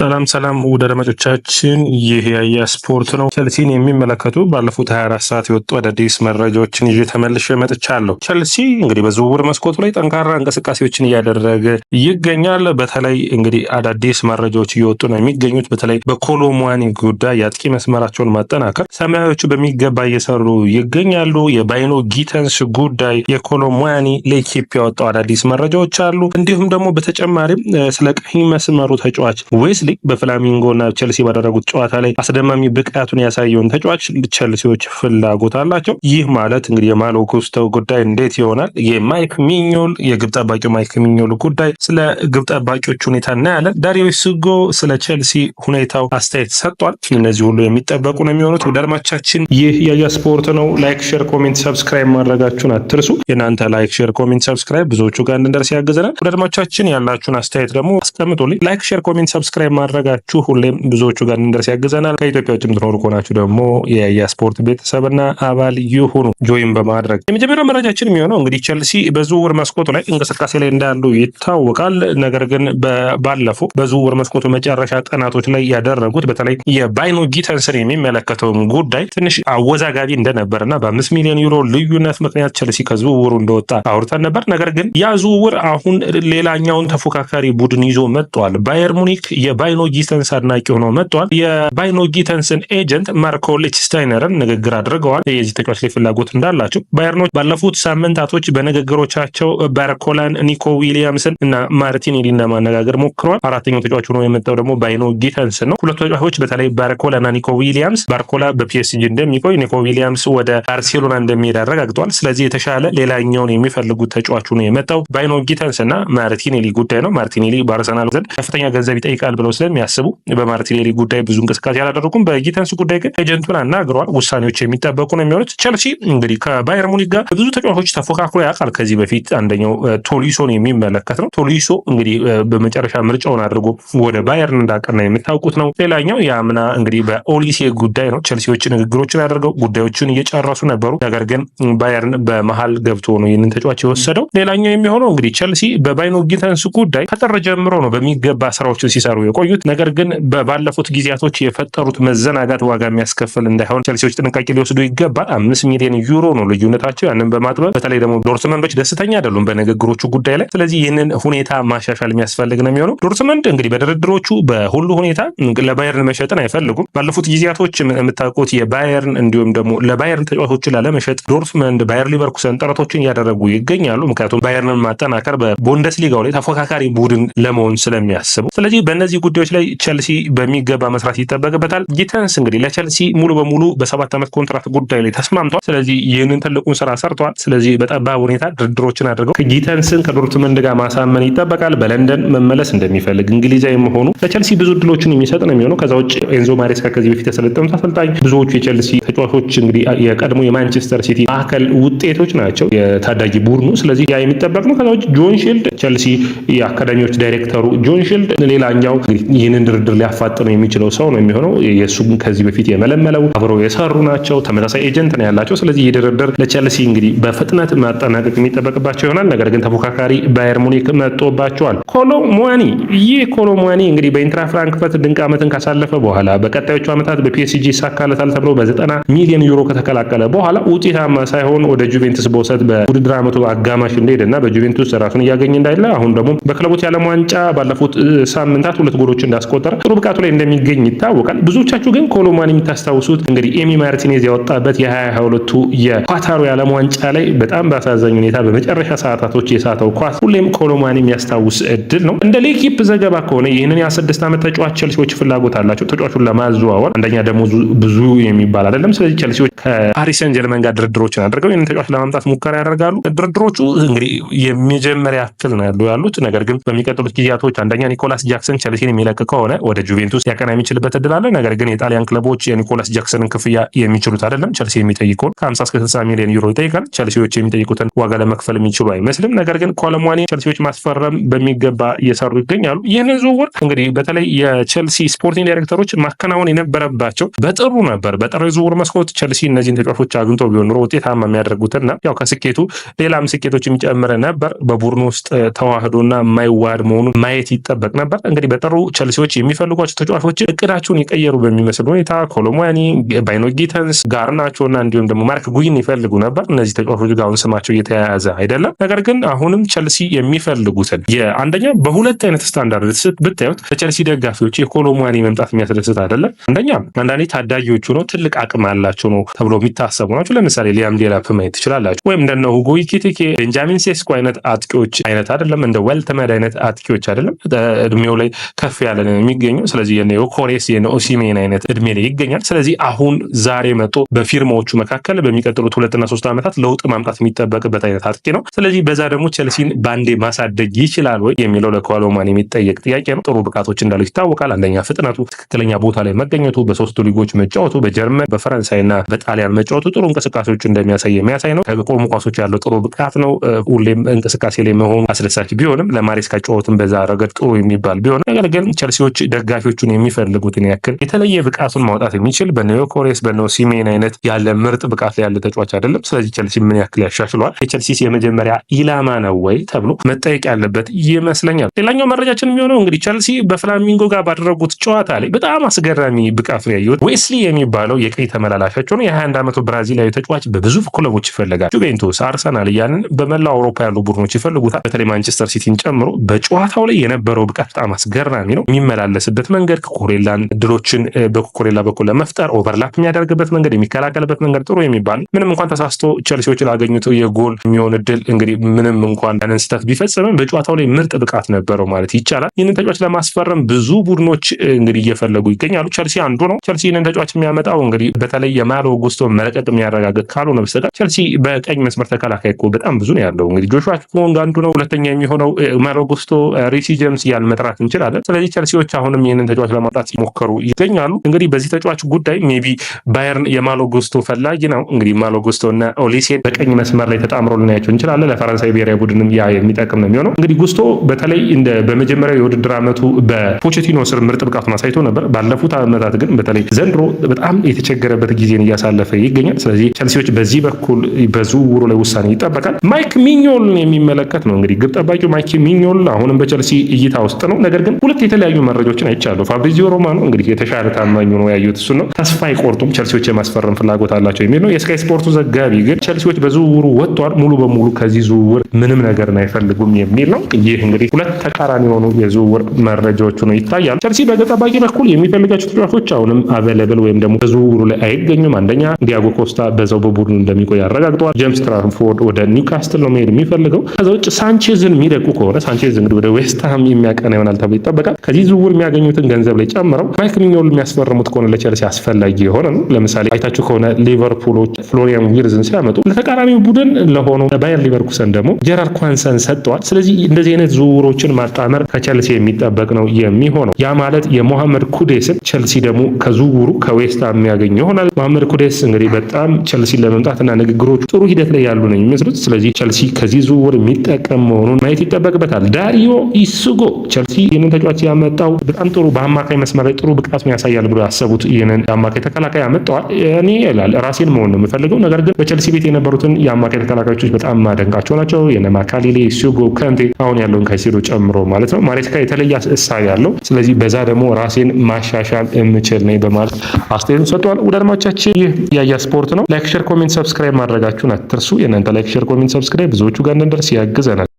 ሰላም ሰላም ውድ አድማጮቻችን፣ ይህ ያያ ስፖርት ነው። ቸልሲን የሚመለከቱ ባለፉት 24 ሰዓት የወጡ አዳዲስ መረጃዎችን ይዤ ተመልሼ መጥቻለሁ። ቸልሲ እንግዲህ በዝውውር መስኮቱ ላይ ጠንካራ እንቅስቃሴዎችን እያደረገ ይገኛል። በተለይ እንግዲህ አዳዲስ መረጃዎች እየወጡ ነው የሚገኙት። በተለይ በኮሎሙዋኒ ጉዳይ የአጥቂ መስመራቸውን ማጠናከር ሰማያዎቹ በሚገባ እየሰሩ ይገኛሉ። የባይኖ ጊተንስ ጉዳይ የኮሎሙዋኒ ለኢኬፕ ያወጣው አዳዲስ መረጃዎች አሉ። እንዲሁም ደግሞ በተጨማሪም ስለ ቀኝ መስመሩ ተጫዋች ወይስ ሊግ በፍላሚንጎና ቸልሲ ባደረጉት ጨዋታ ላይ አስደማሚ ብቃቱን ያሳየውን ተጫዋች ቸልሲዎች ፍላጎት አላቸው። ይህ ማለት እንግዲህ የማሎ ጉዳይ እንዴት ይሆናል? የማይክ ሚኞል የግብ ጠባቂው ማይክ ሚኞል ጉዳይ፣ ስለ ግብ ጠባቂዎች ሁኔታ እናያለን። ዳሪዮ ስጎ ስለ ቸልሲ ሁኔታው አስተያየት ሰጥቷል። እነዚህ ሁሉ የሚጠበቁ ነው የሚሆኑት። ወደ ይህ የያ ስፖርት ነው። ላይክ፣ ሼር፣ ኮሜንት ሰብስክራይብ ማድረጋችሁን አትርሱ። የእናንተ ላይክ፣ ሼር፣ ኮሜንት ሰብስክራይብ ብዙዎቹ ጋር እንድንደርስ ያግዘናል። ወደ ያላችሁን አስተያየት ደግሞ አስቀምጡልኝ። ላይክ፣ ሼር፣ ኮሜንት ሰብስክራይብ ማድረጋችሁ ሁሌም ብዙዎቹ ጋር እንደርስ ያግዘናል። ከኢትዮጵያ ውጭ የምትኖሩ ከሆናችሁ ደግሞ የያ ስፖርት ቤተሰብና አባል ይሁኑ ጆይን በማድረግ የመጀመሪያው መረጃችን የሚሆነው እንግዲህ ቸልሲ በዝውውር መስኮቱ ላይ እንቅስቃሴ ላይ እንዳሉ ይታወቃል። ነገር ግን ባለፈው በዝውውር መስኮቱ መጨረሻ ጥናቶች ላይ ያደረጉት በተለይ የባይኖ ጊተንስን የሚመለከተውን ጉዳይ ትንሽ አወዛጋቢ እንደነበር እና በአምስት ሚሊዮን ዩሮ ልዩነት ምክንያት ቸልሲ ከዝውውሩ እንደወጣ አውርተን ነበር። ነገር ግን ያ ዝውውር አሁን ሌላኛውን ተፎካካሪ ቡድን ይዞ መጥቷል። ባየር ሙኒክ የባ የባይኖ ጊተንስ አድናቂ ሆኖ መጥቷል። የባይኖ ጊተንስን ኤጀንት ማርኮ ሊችስታይነርን ንግግር አድርገዋል። የዚህ ተጫዋች ላይ ፍላጎት እንዳላቸው ባየርኖች ባለፉት ሳምንታቶች በንግግሮቻቸው ባርኮላን፣ ኒኮ ዊሊያምስን እና ማርቲኔሊን ለማነጋገር ሞክረዋል። አራተኛው ተጫዋች ሆኖ የመጣው ደግሞ ባይኖ ጊተንስ ነው። ሁለቱ ተጫዋቾች በተለይ ባርኮላ እና ኒኮ ዊሊያምስ ባርኮላ በፒኤስጂ እንደሚቆይ፣ ኒኮ ዊሊያምስ ወደ ባርሴሎና እንደሚሄድ አረጋግጠዋል። ስለዚህ የተሻለ ሌላኛውን የሚፈልጉት ተጫዋች ሆኖ የመጣው ባይኖ ጊተንስ እና ማርቲኔሊ ጉዳይ ነው። ማርቲኔሊ በአርሰናል ዘንድ ከፍተኛ ገንዘብ ይጠይቃል ብለው ስለሚያስቡ በማርቲኔሊ ጉዳይ ብዙ እንቅስቃሴ አላደረጉም። በጊተንስ ጉዳይ ግን ኤጀንቱን አናግረዋል። ውሳኔዎች የሚጠበቁ ነው የሚሆኑት። ቸልሲ እንግዲህ ከባየር ሙኒክ ጋር ብዙ ተጫዋቾች ተፎካክሮ ያውቃል። ከዚህ በፊት አንደኛው ቶሊሶን የሚመለከት ነው። ቶሊሶ እንግዲህ በመጨረሻ ምርጫውን አድርጎ ወደ ባየርን እንዳቀና የምታውቁት ነው። ሌላኛው የአምና እንግዲህ በኦሊሴ ጉዳይ ነው። ቸልሲዎች ንግግሮችን አድርገው ጉዳዮችን እየጨረሱ ነበሩ። ነገር ግን ባየርን በመሀል ገብቶ ነው ይህንን ተጫዋች የወሰደው። ሌላኛው የሚሆነው እንግዲህ ቸልሲ በባይኖ ጊተንስ ጉዳይ ከጥር ጀምሮ ነው በሚገባ ስራዎችን ሲሰሩ የቆዩ የቆዩት። ነገር ግን ባለፉት ጊዜያቶች የፈጠሩት መዘናጋት ዋጋ የሚያስከፍል እንዳይሆን ቸልሲዎች ጥንቃቄ ሊወስዱ ይገባል። አምስት ሚሊዮን ዩሮ ነው ልዩነታቸው። ያንን በማጥበብ በተለይ ደግሞ ዶርትመንዶች ደስተኛ አይደሉም በንግግሮቹ ጉዳይ ላይ። ስለዚህ ይህንን ሁኔታ ማሻሻል የሚያስፈልግ ነው የሚሆነው። ዶርትመንድ እንግዲህ በድርድሮቹ በሁሉ ሁኔታ ለባየርን መሸጥን አይፈልጉም። ባለፉት ጊዜያቶች የምታውቁት የባየርን እንዲሁም ደግሞ ለባየርን ተጫዋቾችን ላለመሸጥ ዶርትመንድ ባየር ሊቨርኩሰን ጥረቶችን እያደረጉ ይገኛሉ። ምክንያቱም ባየርን ማጠናከር በቡንደስሊጋው ላይ ተፎካካሪ ቡድን ለመሆን ስለሚያስቡ ስለዚህ በእነዚህ ጉዳዮች ላይ ቸልሲ በሚገባ መስራት ይጠበቅበታል። ጊተንስ እንግዲህ ለቸልሲ ሙሉ በሙሉ በሰባት ዓመት ኮንትራት ጉዳይ ላይ ተስማምቷል። ስለዚህ ይህንን ትልቁን ስራ ሰርተዋል። ስለዚህ በጠባብ ሁኔታ ድርድሮችን አድርገው ጊተንስን ከዶርትመንድ ጋር ማሳመን ይጠበቃል። በለንደን መመለስ እንደሚፈልግ እንግሊዛዊ መሆኑ ለቸልሲ ብዙ እድሎችን የሚሰጥ ነው የሚሆነው። ከዛ ውጭ ኤንዞ ማሬስካ ከዚህ በፊት ያሰለጠኑት አሰልጣኝ ብዙዎቹ የቸልሲ ተጫዋቾች እንግዲህ የቀድሞ የማንቸስተር ሲቲ ማዕከል ውጤቶች ናቸው የታዳጊ ቡድኑ። ስለዚህ ያ የሚጠበቅ ነው። ከዛ ውጭ ጆን ሺልድ ቸልሲ የአካዳሚዎች ዳይሬክተሩ ጆን ሺልድ ሌላኛው ይህንን ድርድር ሊያፋጥነው የሚችለው ሰው ነው የሚሆነው። የእሱም ከዚህ በፊት የመለመለው አብረው የሰሩ ናቸው። ተመሳሳይ ኤጀንት ነው ያላቸው። ስለዚህ ይህ ድርድር ለቸልሲ እንግዲህ በፍጥነት ማጠናቀቅ የሚጠበቅባቸው ይሆናል። ነገር ግን ተፎካካሪ ባየር ሙኒክ መጦባቸዋል። ኮሎ ሙዋኒ ይህ ኮሎ ሙዋኒ እንግዲህ በኢንትራ ፍራንክፈርት ድንቅ ዓመትን ካሳለፈ በኋላ በቀጣዮቹ ዓመታት በፒኤስጂ ይሳካለታል ተብሎ በ ሚሊዮን ዩሮ ከተቀላቀለ በኋላ ውጤታማ ሳይሆን ወደ ጁቬንቱስ በውሰት በውድድር ዓመቱ አጋማሽ እንደሄደና በጁቬንቱስ ራሱን እያገኘ እንዳለ አሁን ደግሞ በክለቦች የዓለም ዋንጫ ባለፉት ሳምንታት ሁለት ጎ ጎሎች እንዳስቆጠረ ጥሩ ብቃቱ ላይ እንደሚገኝ ይታወቃል። ብዙዎቻችሁ ግን ኮሎማን የምታስታውሱት እንግዲህ ኤሚ ማርቲኔዝ ያወጣበት የ2022ቱ የኳታሩ የዓለም ዋንጫ ላይ በጣም በአሳዛኝ ሁኔታ በመጨረሻ ሰዓታቶች የሳተው ኳስ ሁሌም ኮሎማን የሚያስታውስ እድል ነው። እንደ ሌኪፕ ዘገባ ከሆነ ይህንን የ16 ዓመት ተጫዋች ቸልሲዎች ፍላጎት አላቸው። ተጫዋቹን ለማዘዋወር አንደኛ ደግሞ ብዙ የሚባል አይደለም። ስለዚህ ቸልሲዎች ከፓሪሰን ጀርመን ጋር ድርድሮችን አድርገው ይህንን ተጫዋች ለማምጣት ሙከራ ያደርጋሉ። ድርድሮቹ እንግዲህ የመጀመሪያ ያክል ነው ያሉ ያሉት። ነገር ግን በሚቀጥሉት ጊዜያቶች አንደኛ ኒኮላስ ጃክሰን ቸልሲን የሚለቅ ከሆነ ወደ ጁቬንቱስ ያቀና የሚችልበት እድል አለ። ነገር ግን የጣሊያን ክለቦች የኒኮላስ ጃክሰንን ክፍያ የሚችሉት አይደለም። ቸልሲ የሚጠይቀውን ከ50 እስከ 60 ሚሊዮን ዩሮ ይጠይቃል። ቸልሲዎች የሚጠይቁትን ዋጋ ለመክፈል የሚችሉ አይመስልም። ነገር ግን ኮለሟኒ ቸልሲዎች ማስፈረም በሚገባ እየሰሩ ይገኛሉ። ይህንን ዝውውር እንግዲህ በተለይ የቸልሲ ስፖርቲንግ ዳይሬክተሮች ማከናወን የነበረባቸው በጥሩ ነበር። በጥር ዝውውር መስኮት ቸልሲ እነዚህን ተጫዋቾች አግኝቶ ቢሆን ኑሮ ውጤታማ የሚያደርጉትና ያው ከስኬቱ ሌላም ስኬቶች የሚጨምር ነበር። በቡድኑ ውስጥ ተዋህዶና የማይዋሃድ መሆኑን ማየት ይጠበቅ ነበር። እንግዲህ በጥሩ ቸልሲዎች የሚፈልጓቸው ተጫዋቾች እቅዳቸውን የቀየሩ በሚመስል ሁኔታ ኮሎሞያኒ፣ ባይኖ ጊተንስ፣ እና እንዲሁም ደግሞ ማርክ ጉይን ይፈልጉ ነበር። እነዚህ ተጫዋቾች ጋር አሁን ስማቸው እየተያያዘ አይደለም። ነገር ግን አሁንም ቸልሲ የሚፈልጉትን የአንደኛ በሁለት አይነት ስታንዳርድ ብታዩት ለቸልሲ ደጋፊዎች የኮሎሞያኒ መምጣት የሚያስደስት አይደለም። አንደኛ አንዳንዴ ታዳጊዎቹ ነው ትልቅ አቅም ያላቸው ነው ተብሎ የሚታሰቡ ናቸው። ለምሳሌ ሊያም ዴላፕ ማየት ትችላላችሁ። ወይም እንደነ ሁጎ ኢኪቲኬ፣ ቤንጃሚን ሴስኮ አይነት አጥቂዎች አይነት አይደለም። እንደ ወልተመድ አይነት አጥቂዎች አይደለም። እድሜው ላይ ከፍ ያለ ነው የሚገኘው። ስለዚህ የነ ዮኬሬስ የነ ኦሲሜን አይነት እድሜ ላይ ይገኛል። ስለዚህ አሁን ዛሬ መጥቶ በፊርማዎቹ መካከል በሚቀጥሉት ሁለትና ሶስት ዓመታት ለውጥ ማምጣት የሚጠበቅበት አይነት አጥቂ ነው። ስለዚህ በዛ ደግሞ ቸልሲን ባንዴ ማሳደግ ይችላል ወይ የሚለው ለኮሎማን የሚጠየቅ ጥያቄ ነው። ጥሩ ብቃቶች እንዳሉ ይታወቃል። አንደኛ ፍጥነቱ፣ ትክክለኛ ቦታ ላይ መገኘቱ፣ በሶስቱ ሊጎች መጫወቱ፣ በጀርመን በፈረንሳይና በጣሊያን መጫወቱ ጥሩ እንቅስቃሴዎች እንደሚያሳይ የሚያሳይ ነው። ከቆሙ ኳሶች ያለው ጥሩ ብቃት ነው። ሁሌም እንቅስቃሴ ላይ መሆኑ አስደሳች ቢሆንም ለማሬስካ ጨዋታም በዛ ረገድ ጥሩ የሚባል ቢሆንም ነገር ግን ቸልሲዎች ደጋፊዎቹን የሚፈልጉትን ያክል የተለየ ብቃቱን ማውጣት የሚችል በኒዮ ኮሬስ በኖ ሲሜን አይነት ያለ ምርጥ ብቃት ላይ ያለ ተጫዋች አይደለም። ስለዚህ ቸልሲ ምን ያክል ያሻሽሏል። የቸልሲስ የመጀመሪያ ኢላማ ነው ወይ ተብሎ መጠየቅ ያለበት ይመስለኛል። ሌላኛው መረጃችን የሚሆነው እንግዲህ ቸልሲ በፍላሚንጎ ጋር ባደረጉት ጨዋታ ላይ በጣም አስገራሚ ብቃት ነው ያየሁት። ዌስሊ የሚባለው የቀኝ ተመላላሻቸው ነው። የ21 ዓመቱ ብራዚላዊ ተጫዋች በብዙ ክለቦች ይፈልጋል። ጁቬንቱስ፣ አርሰናል እያንን በመላው አውሮፓ ያሉ ቡድኖች ይፈልጉታል። በተለይ ማንቸስተር ሲቲን ጨምሮ በጨዋታው ላይ የነበረው ብቃት በጣም አስገራሚ ነው። ነው የሚመላለስበት መንገድ ኩኩሬላን ድሎችን በኩኩሬላ በኩል ለመፍጠር ኦቨርላፕ የሚያደርግበት መንገድ የሚከላከልበት መንገድ ጥሩ የሚባል ምንም እንኳን ተሳስቶ ቸልሲዎች ላገኙት የጎል የሚሆን እድል እንግዲህ ምንም እንኳን ያንን ስህተት ቢፈጽምም በጨዋታው ላይ ምርጥ ብቃት ነበረው ማለት ይቻላል። ይህንን ተጫዋች ለማስፈረም ብዙ ቡድኖች እንግዲህ እየፈለጉ ይገኛሉ። ቸልሲ አንዱ ነው። ቸልሲ ይህንን ተጫዋች የሚያመጣው እንግዲህ በተለይ የማሎ ጉስቶ መለቀቅ የሚያረጋግጥ ካልሆነ በስተቀር ቸልሲ በቀኝ መስመር ተከላካይ እኮ በጣም ብዙ ነው ያለው። እንግዲህ ጆሹዋ ኪሞንግ አንዱ ነው። ሁለተኛ የሚሆነው ማሎ ጉስቶ፣ ሪሲ ጀምስ እያል መጥራት እንችላለን። ስለዚህ ቸልሲዎች አሁንም ይህንን ተጫዋች ለማምጣት ሲሞከሩ ይገኛሉ። እንግዲህ በዚህ ተጫዋች ጉዳይ ሜቢ ባየርን የማሎ ጉስቶ ፈላጊ ነው። እንግዲህ ማሎ ጉስቶ እና ኦሊሴን በቀኝ መስመር ላይ ተጣምሮ ልናያቸው እንችላለን። ለፈረንሳይ ብሔራዊ ቡድንም ያ የሚጠቅም ነው የሚሆነው። እንግዲህ ጉስቶ በተለይ እንደ በመጀመሪያው የውድድር ዓመቱ በፖቼቲኖ ስር ምርጥ ብቃቱን አሳይቶ ነበር። ባለፉት ዓመታት ግን በተለይ ዘንድሮ በጣም የተቸገረበት ጊዜን እያሳለፈ ይገኛል። ስለዚህ ቸልሲዎች በዚህ በኩል በዝውውሩ ላይ ውሳኔ ይጠበቃል። ማይክ ሚኞልን የሚመለከት ነው። እንግዲህ ግብ ጠባቂው ማይክ ሚኞል አሁንም በቸልሲ እይታ ውስጥ ነው። ነገር ግን ሁለት የተለያዩ መረጃዎችን አይቻሉ። ፋብሪዚዮ ሮማኖ እንግዲህ የተሻለ ታማኙ ነው ያዩት እሱ ነው። ተስፋ አይቆርጡም፣ ቸልሲዎች የማስፈረም ፍላጎት አላቸው የሚል ነው። የስካይ ስፖርቱ ዘጋቢ ግን ቸልሲዎች በዝውውሩ ወጥቷል፣ ሙሉ በሙሉ ከዚህ ዝውውር ምንም ነገር አይፈልጉም የሚል ነው። ይህ እንግዲህ ሁለት ተቃራኒ የሆኑ የዝውውር መረጃዎቹ ነው ይታያል። ቸልሲ በግብ ጠባቂ በኩል የሚፈልጋቸው ተጫዋቾች አሁንም አቬለብል ወይም ደግሞ በዝውውሩ ላይ አይገኙም። አንደኛ ዲያጎ ኮስታ በዛው በቡድኑ እንደሚቆይ አረጋግጠዋል። ጀምስ ትራንፎርድ ወደ ኒውካስትል ነው መሄድ የሚፈልገው። ከዛ ውጭ ሳንቼዝን የሚለቁ ከሆነ ሳንቼዝ እንግዲህ ወደ ዌስትሃም የሚያቀና ይሆናል ተብሎ ይጠበቃል። ከዚህ ዝውውር የሚያገኙትን ገንዘብ ላይ ጨምረው ማይክ የሚያስፈርሙት ከሆነ ለቸልሲ አስፈላጊ የሆነ ነው። ለምሳሌ አይታችሁ ከሆነ ሊቨርፑሎች ፍሎሪያን ዊርዝን ሲያመጡ ለተቃራሚ ቡድን ለሆኑ ባየር ሊቨርኩሰን ደግሞ ጀራር ኳንሰን ሰጥተዋል። ስለዚህ እንደዚህ አይነት ዝውውሮችን ማጣመር ከቸልሲ የሚጠበቅ ነው የሚሆነው። ያ ማለት የሞሐመድ ኩዴስን ቸልሲ ደግሞ ከዝውውሩ ከዌስታ የሚያገኙ ይሆናል። ሞሐመድ ኩዴስ እንግዲህ በጣም ለመምጣት ለመምጣትና ንግግሮቹ ጥሩ ሂደት ላይ ያሉ ነው የሚመስሉት። ስለዚህ ቸልሲ ከዚህ ዝውውር የሚጠቀም መሆኑን ማየት ይጠበቅበታል። ዳሪዮ ኢሱጎ ቸልሲ ይህንን ተጫዋች ያመጣው በጣም ጥሩ በአማካይ መስመር ላይ ጥሩ ብቃት ያሳያል ብሎ ያሰቡት ይህንን የአማካይ ተከላካይ አመጣዋል። እኔ ይላል ራሴን መሆን ነው የምፈልገው። ነገር ግን በቸልሲ ቤት የነበሩትን የአማካይ ተከላካዮች በጣም ማደንቃቸው ናቸው። የነ ማካሌሌ፣ ሱጎ፣ ከንቴ አሁን ያለውን ካይሴዶ ጨምሮ ማለት ነው። ማሬስካ የተለየ እሳቤ ያለው ስለዚህ በዛ ደግሞ ራሴን ማሻሻል የምችል ነኝ በማለት አስተያየቱን ሰጥተዋል። ውድ አድማጮቻችን ይህ ያያ ስፖርት ነው። ላይክ፣ ሼር፣ ኮሜንት፣ ሰብስክራይብ ማድረጋችሁን አትርሱ። የእናንተ ላይክ፣ ሼር፣ ኮሜንት፣ ሰብስክራይብ ብዙዎቹ ጋር እንደርስ ያግዘናል።